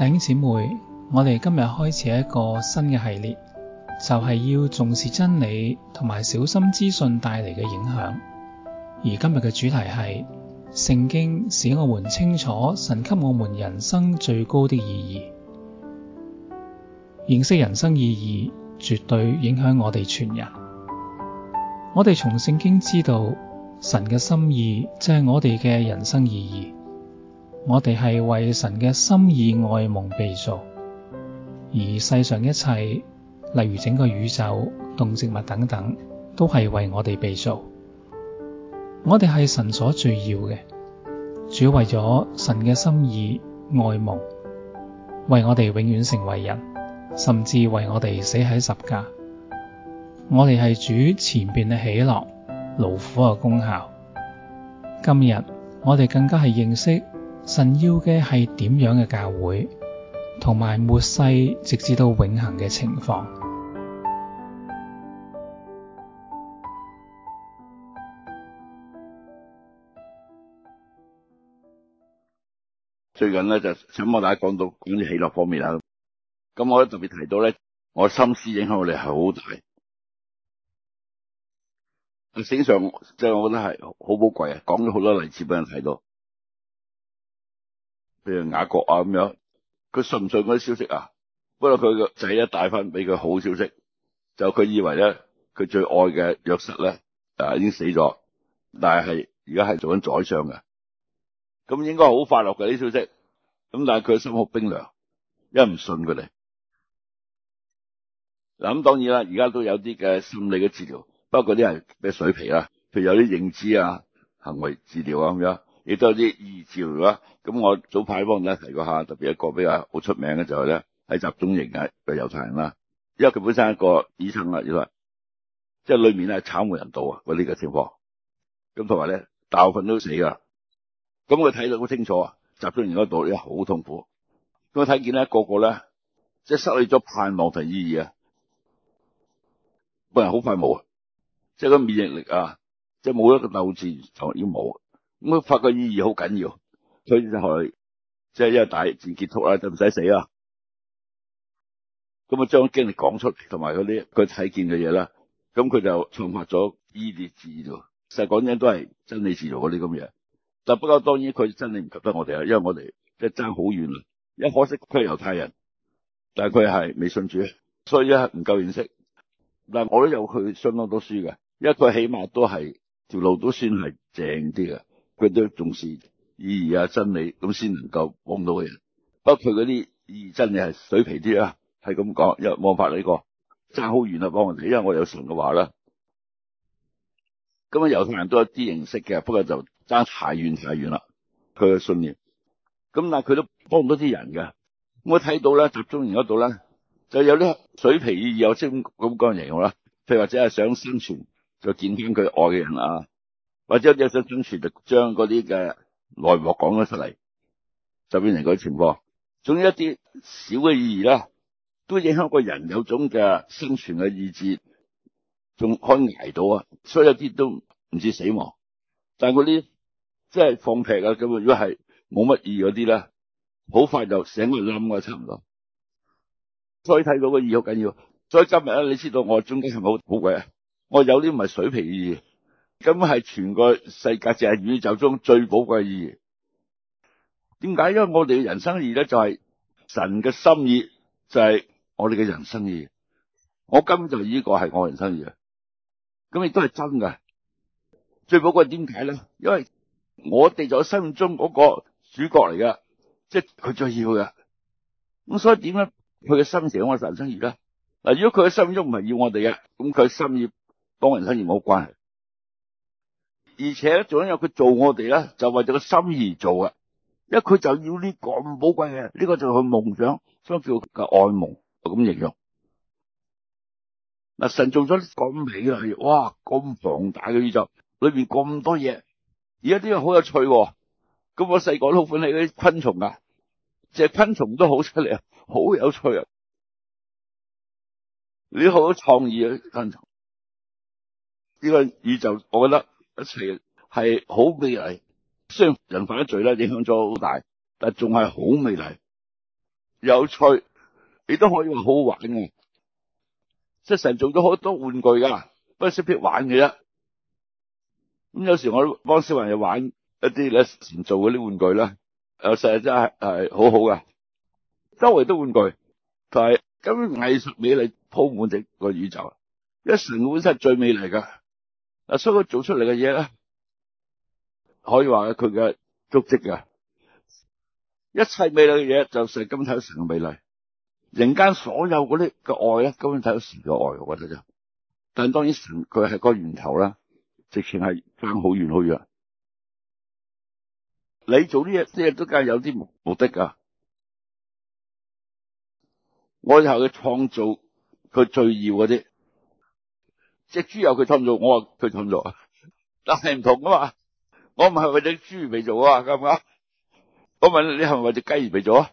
弟兄姊妹，我哋今日開始一個新嘅系列，就係要重視真理同埋小心資訊帶嚟嘅影響。而今日嘅主題係，聖經使我們清楚神給我們人生最高的意義。認識人生意義，絕對影響我哋全人。我哋從聖經知道神嘅心意，即係我哋嘅人生意義。我哋係為神嘅心意、愛蒙被造，而世上一切，例如整個宇宙、動植物等等，都係為我哋被造。我哋係神所最要嘅，主為咗神嘅心意、愛蒙，為我哋永遠成為人，甚至為我哋死喺十架。我哋係主前面嘅喜樂、勞苦嘅功效。今日我哋更加係認識。神要嘅係點樣嘅教會，同埋末世直至到永恆嘅情況。最近咧就想幫大家講到講啲喜樂方面啦，咁我咧特別提到咧，我心思影響力係係好大。實際上，即係我覺得係好寶貴啊，講咗好多例子俾人睇到。譬如雅各啊咁樣，佢信唔信嗰啲消息啊？不過佢個仔一帶翻俾佢好消息，就佢以為咧佢最愛嘅約瑟咧啊已經死咗，但係而家係做緊宰相嘅，咁應該好快樂嘅啲消息，咁但係佢心好冰涼，因為唔信佢哋嗱，咁當然啦，而家都有啲嘅心理嘅治療，不過啲係咩水皮啊，譬如有啲認知啊、行為治療啊咁樣。你都啲意義治療啊！咁我早排幫大家提過下，特別一個比較好出名嘅就係咧喺集中營嘅猶太人啦。因為佢本身係一個醫生啊，原來、就是、即係裏面咧慘無人道啊，嗰啲嘅情況。咁同埋咧，大部分都死啦。咁佢睇到好清楚啊，集中營嗰度咧好痛苦。咁我睇見咧個個咧即係失去咗盼望同意義啊，個人好快冇啊，即係個免疫力啊，即係冇一個鬥志就已經冇。咁佢發個意義好緊要，所以就係即係因為大戰結束啦，就唔使死啊。咁啊，將經歷講出，同埋嗰啲佢睇見嘅嘢啦。咁佢就創發咗依啲治療，其實講真都係真理治療嗰啲咁嘅嘢。但不過當然佢真理唔及得我哋呀，因為我哋即係爭好遠啦。一可惜佢係猶太人，但係佢係未信主，所以一係唔夠認識。但我都有佢相當多書嘅，因為佢起碼都係條路都算係正啲嘅。佢都重視意義啊真理，咁先能夠幫到嘅人。不過佢嗰啲意義真理係水皮啲啦，係咁講，又望法你個爭好遠啦，幫我哋。因為我有神嘅話啦。咁啊猶太人都有啲認識嘅，不過就爭太遠太遠啦。佢嘅信念，咁但係佢都幫唔到啲人嘅。我睇到咧，集中營嗰度咧，就有啲水皮意義有清，有即咁樣形容好啦。譬如或者係想生存，就見返佢愛嘅人啦、啊。或者有想生存就將嗰啲嘅內幕講咗出嚟，就變成嗰啲情況。仲有一啲小嘅意義啦，都影響個人有種嘅生存嘅意志，仲可以挨到啊！所以有啲都唔知死亡。但係嗰啲即係放屁啊！咁如果係冇乜意義嗰啲咧，好快就醒埋冧噶，差唔多。所以睇到個意義好緊要。所以今日咧，你知道我中間係咪好好鬼啊？我有啲唔係水皮意義。咁係全個世界，淨係宇宙中最寶貴嘅意義。點解？因為我哋嘅人生意咧，就係神嘅心意，就係、是、我哋嘅人生意義。我根本就呢個係我人生意啊！咁亦都係真嘅。最寶貴點解咧？因為我哋就係生命中嗰個主角嚟噶，即係佢最要嘅。咁所以點咧？佢嘅心意係我人生意啦。嗱，如果佢嘅生命中唔係要我哋嘅，咁佢心意當人生意冇關係。而且仲有佢做我哋咧，就為咗個心意做嘅，因為佢就要呢個咁寶貴嘅，呢個就係佢夢想，所以叫佢愛夢咁形容。嗱，神做咗啲咁美嘅嘢，哇，咁龐大嘅宇宙，裏邊咁多嘢，而家啲嘢好有趣，哦，咁我細個都好歡喜嗰啲昆蟲啊，隻昆蟲都好出嚟，好有趣啊，哦，啲好創意嘅昆蟲，呢個宇宙，我覺得。一切係好美麗，雖然人犯咗罪咧，影響咗好大，但仲係好美麗、有趣，亦都可以話好好玩嘅。即係神做咗好多玩具噶，不過識唔識玩嘅啫。咁有時我幫小朋友玩一啲咧，以前做嗰啲玩具啦，有成日真係係好好噶。周圍都玩具，但係根本藝術美麗鋪滿整個宇宙。一神本身係最美麗噶。啊，所以佢做出嚟嘅嘢咧，可以話佢佢嘅足跡嘅一切美麗嘅嘢，就成係睇到神嘅美麗。人間所有嗰啲嘅愛咧，睇到神嘅愛，我覺得就，但係當然神佢係個源頭啦，直情係差好遠好遠。你做呢啲嘢都梗係有啲目的噶。我以後嘅創造，佢最要嗰啲。隻豬有佢創造，我話佢創造，但係唔同啊嘛。我唔係為隻豬嚟做啊，係唔係？我問你係咪為隻雞而嚟做啊？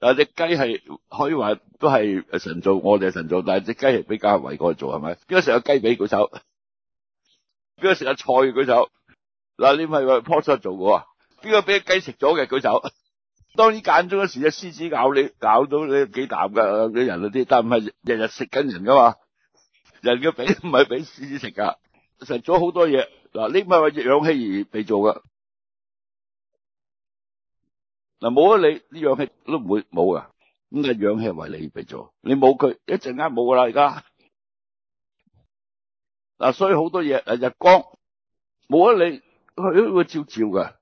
嗱，隻雞係可以話都係神造，我哋係神造，但係隻雞係比較為做、那個做係咪？邊個食個雞髀舉手？邊個食個菜舉手？嗱，你唔係為樸素做嘅喎？邊個俾隻雞食咗嘅舉手？當然間中嘅時候，隻獅子咬你咬到你幾啖㗎，啲人嗰啲，但係唔係日日食緊人㗎嘛？人嘅脾唔係俾屎食噶，食咗好多嘢。嗱，呢咪為隻氧氣而被做噶。嗱，冇咗你，啲氧氣都唔會冇噶。咁啊，氧氣為你被做，你冇佢一陣間冇噶啦。而家嗱，所以好多嘢啊，日光冇咗你，佢都會照照噶。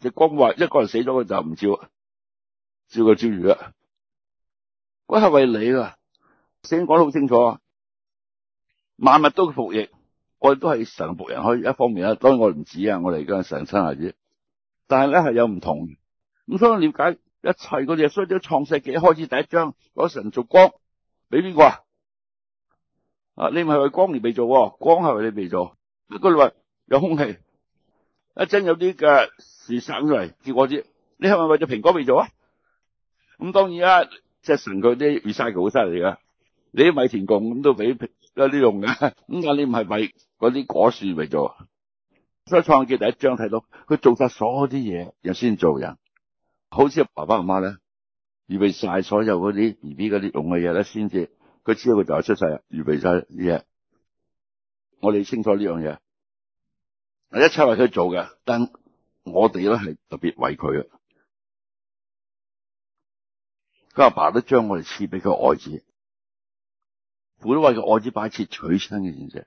日光話一個人死咗，佢就唔照，照個照魚啊。嗰係為你噶，先講得好清楚啊。萬物都服役，我哋都係神僕人，可以一方面啦。當然我唔止啊，我哋而家成千下啫。但係咧係有唔同的，咁所以我了解一切嗰啲啊。所以啲創世記開始第一章，嗰、那個、神做光俾邊個啊？啊，你咪係為光而未做，光係為你未做。不過你話有空氣，一真有啲嘅樹生出嚟結果子，你係咪為咗蘋果未做啊？咁當然啦、啊，即係神佢啲 research 好犀利噶，你啲米田共咁都俾。有啲用嘅，咁解你唔係為嗰啲果樹嚟做，所以創建第一章睇到佢做晒所有啲嘢，又先做人，好似爸爸媽媽咧，預備晒所有嗰啲 B B 嗰啲用嘅嘢咧，先至佢知道佢仔出世，預備晒啲嘢。我哋清楚呢樣嘢，一切為佢做嘅，但我哋咧係特別為佢啊，佢阿爸都將我哋賜俾佢愛子。本都話個愛子擺設取親嘅現象，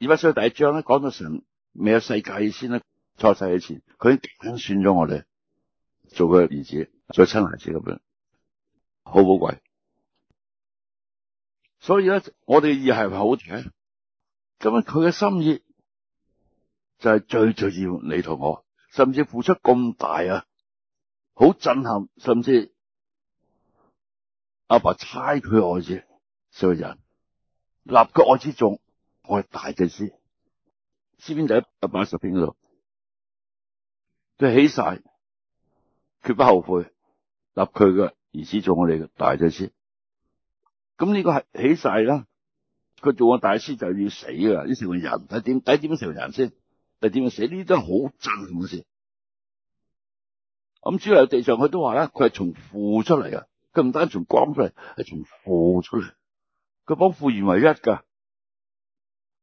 而家所以第一章咧講到神未有世界先啦，創世以前，佢已揀選咗我哋做佢兒子，做親孩子咁樣，好寶貴。所以咧，我哋嘅意係咪好聽，咁啊，佢嘅心意就係最最重要你同我，甚至付出咁大啊，好震撼，甚至阿爸，爸猜佢愛子做人。立腳我之中，我係大祭司，詩篇就喺阿八十篇嗰度，佢起誓，絕不後悔，立佢嘅兒子做我哋嘅大祭司。咁呢個係起誓啦，佢做我大師就要死噶，呢成個人，睇點解點成人先，睇點死？呢啲都係好震撼嘅事。咁之後地上佢都話啦，佢係從父出嚟噶，佢唔單純講出嚟，係從父出嚟。佢幫富餘為一噶，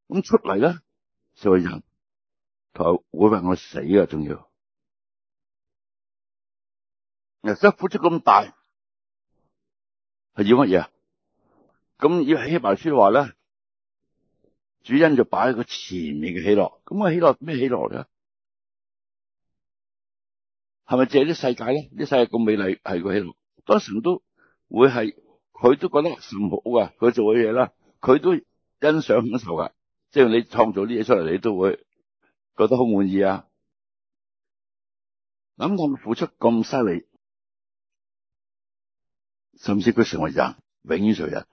咁出嚟咧就係人，佢會為我死啊，仲要，誒，付出咁大係要乜嘢啊？咁要起埋說話咧，主因就擺喺個前面嘅喜樂，咁啊喜樂咩喜樂咧？係咪借啲世界咧？啲世界咁美麗係個喜樂，當時都會係。佢都覺得好好啊！佢做嘅嘢啦，佢都欣賞享受噶。即係你創造啲嘢出嚟，你都會覺得好滿意啊！諗我付出咁犀利，甚至佢成為人，永遠成為人。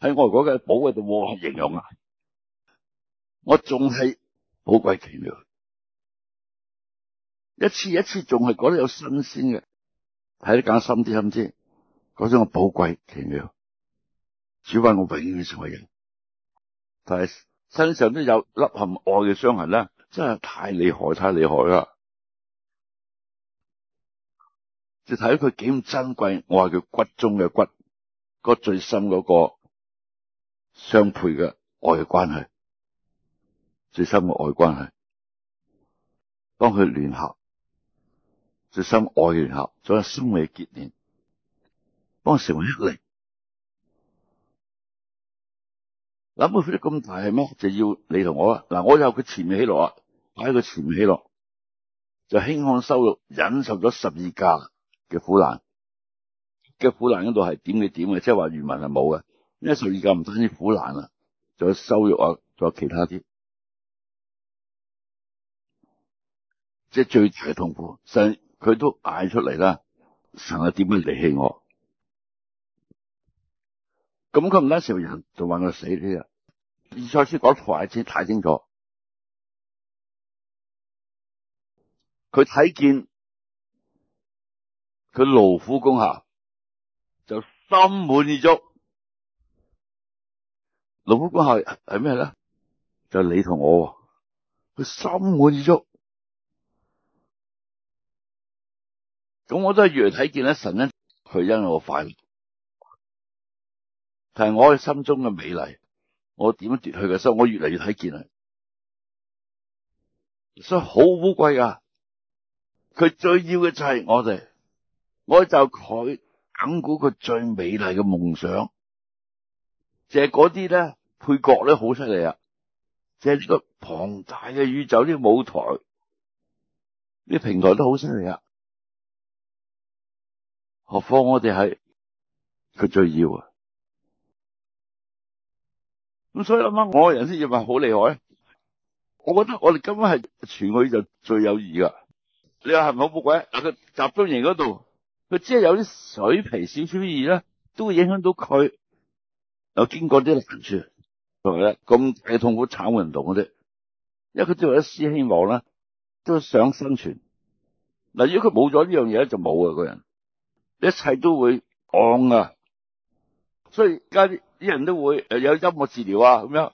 喺外國嘅寶貴度獲營養啊！我仲係寶貴奇妙。一次一次仲係覺得有新鮮嘅，睇得更深啲，深啲。嗰種寶貴奇妙，只話我永遠成為人，但係身上都有凹陷愛嘅傷痕啦，真係太厲害，太厲害啦！就睇佢幾咁珍貴，我話佢骨中嘅骨，個最深嗰個相配嘅愛嘅關係，最深嘅愛的關係，當佢聯合，最深愛嘅聯合，所有生命嘅結連。幫我成日一嚟諗佢做得咁大係咩？就要你同我嗱，我有佢前面喜樂啊，擺喺佢前面喜樂就輕看羞辱忍受咗十字架嘅苦難嘅苦難嗰度係點嘅點嘅，即係話漁民係冇嘅，因為十字架唔單止苦難啊，仲有羞辱啊，仲有，有其他啲，即係最大嘅痛苦，所以佢都嗌出嚟啦，成日點會離棄我？咁佢唔單止人就話佢死啲啦，以賽亞書講台詞太清楚，佢睇見佢勞苦功效就心滿意足，勞苦功效係咩咧？就是、你同我，佢心滿意足。咁我都係越嚟睇見咧，神咧佢因為我快樂。但係我心中嘅美麗，我點樣奪去嘅？所以，我越嚟越睇見啦。所以好寶貴啊，佢最要嘅就係我哋。我就佢肯估佢最美麗嘅夢想，就係嗰啲咧配角咧好犀利啊！即係呢個龐大嘅宇宙啲舞台，啲平台都好犀利啊！何況我哋係佢最要啊！咁所以諗下我嘅人生哲理好厲害，我覺得我哋根本係傳去就最有意義噶你話係咪好寶貴？佢集中營嗰度，佢只係有啲水皮少少熱咧，都會影響到佢。有經過啲難處，係咪咧？咁大痛苦慘運動嘅啫，因為佢最後一絲希望咧，都想生存。嗱，如果佢冇咗呢樣嘢咧，就冇啊！個人，一切都會戇啊。所以家啲。啲人都會誒，有音樂治療啊，咁樣，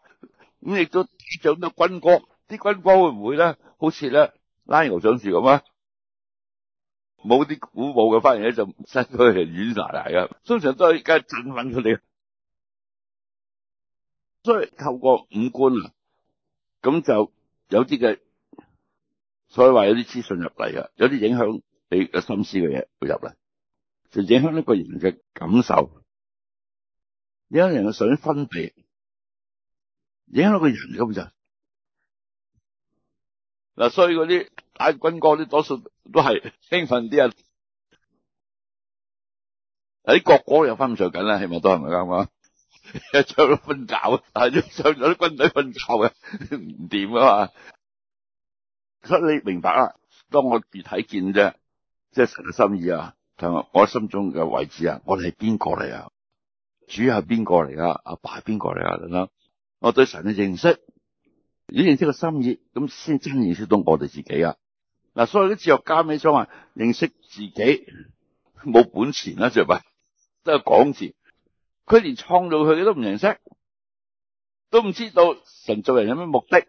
咁亦都上到軍歌，啲軍歌會唔會咧？好似咧拉牛上樹咁啊！冇啲鼓舞嘅，反而咧就身都係軟爛爛嘅，通常都係梗係振奮佢哋。所以透過五官啊，咁就有啲嘅，所以話有啲資訊入嚟啊，有啲影響你嘅心思嘅嘢會入嚟，就影響一個人嘅感受。有人嘅水分泌，影響到個人咁，就嗱，所以嗰啲打軍歌，啲多數都係興奮啲啊！喺國歌又翻着緊啦，起碼都係咪啱啊？唱到瞓覺，但係唱咗啲軍隊瞓覺嘅唔掂啊嘛！所以你明白啦，當我別睇見啫，即係神嘅心意啊，同我心中嘅位置啊，我哋係邊個嚟啊？主係邊個嚟啊？阿爸係邊個嚟啊？等等，我對神嘅認識，要認識個心意，咁先真認識到我哋自己啊！嗱，所謂啲哲學家咪想話認識自己冇本錢啦，就咪都係講字。佢連創造佢都唔認識，都唔知道神做人有咩目的，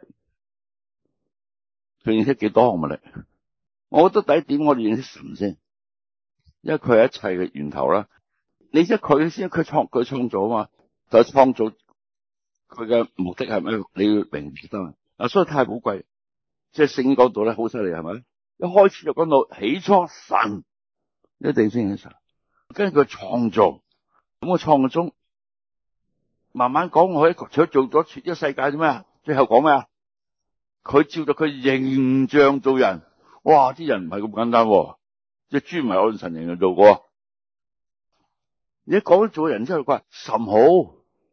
佢認識幾多咁啊？你，我覺得第一點，我哋認識神先，因為佢係一切嘅源頭啦。你知佢先，佢創佢創造啊嘛，就創造佢嘅目的係咩？你要明唔明得啊？所以太寶貴，即係聖經角度咧，好犀利係咪？一開始就講到起初神一定先有神，跟住佢創造，咁、嗰個創造中慢慢講，我一創造咗一世界做咩啊？最後講咩啊？佢照到佢形象做人，哇！啲人唔係咁簡單，隻豬唔係按神形象做過。你講咗做人之後佢話甚好，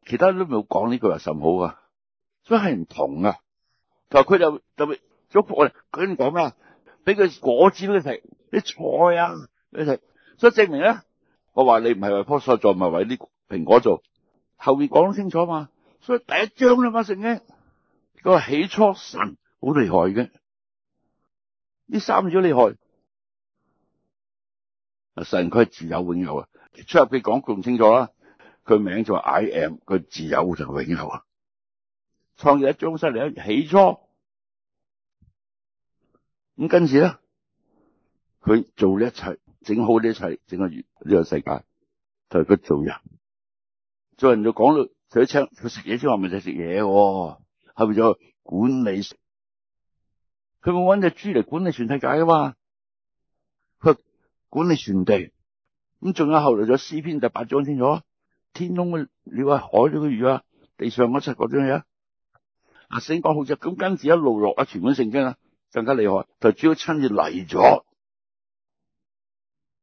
其他都冇講呢句話甚好啊，所以係唔同啊。佢就特別祝福佢，佢講咩啊？俾佢果子佢食，啲菜啊佢食，所以證明咧，我話你唔係為樖樹做，唔係為啲蘋果做，後面講得清楚嘛。所以第一章啦嘛，聖經佢話起初神好厲害嘅，呢三樣厲害。神佢係自有永有啊！出入俾講更清楚啦。佢名叫 am, 就話 I AM，佢自有就永有啊！創世一章一節嚟，起初，咁跟住咧，佢做呢一,一切，整好呢一切，整個呢個世界，就係、是、佢做人。做人就講到就係請佢食嘢之外，咪就食嘢喎。後面就管理，佢會搵隻豬嚟管理全世界㗎嘛？管理全地，咁仲有後來咗詩篇第八章清楚，天空嘅鳥啊，海咗嘅魚啊，地上嗰七個啲嘢啊，阿星講好咗，咁跟住一路落啊，全本聖經啊，更加厲害，就是、主要親自嚟咗，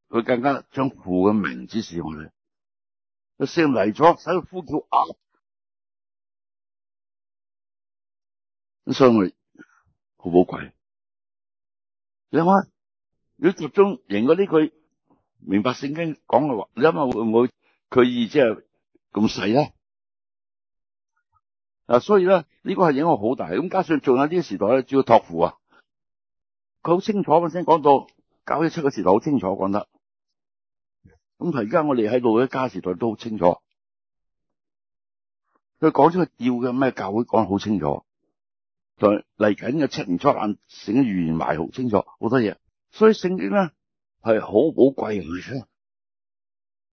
佢更加將父嘅名字使用哋阿聖嚟咗，使佢呼叫阿、啊，咁所以我好寶貴，你諗如果集中認嗰啲佢明白聖經講嘅話，你諗下會唔會佢意思係咁細咧？所以咧呢、呢個係影響好大。咁加上仲有呢、啊、個時代咧，主要託付啊，佢好清楚。我先講到教會七個時代好清楚講得。咁而家我哋喺度嘅家時代都好清楚。佢講佢要嘅咩教會講得好清楚。就嚟緊嘅七年初年，整預言埋好清楚，好多嘢。所以聖經呢係好寶貴嘅。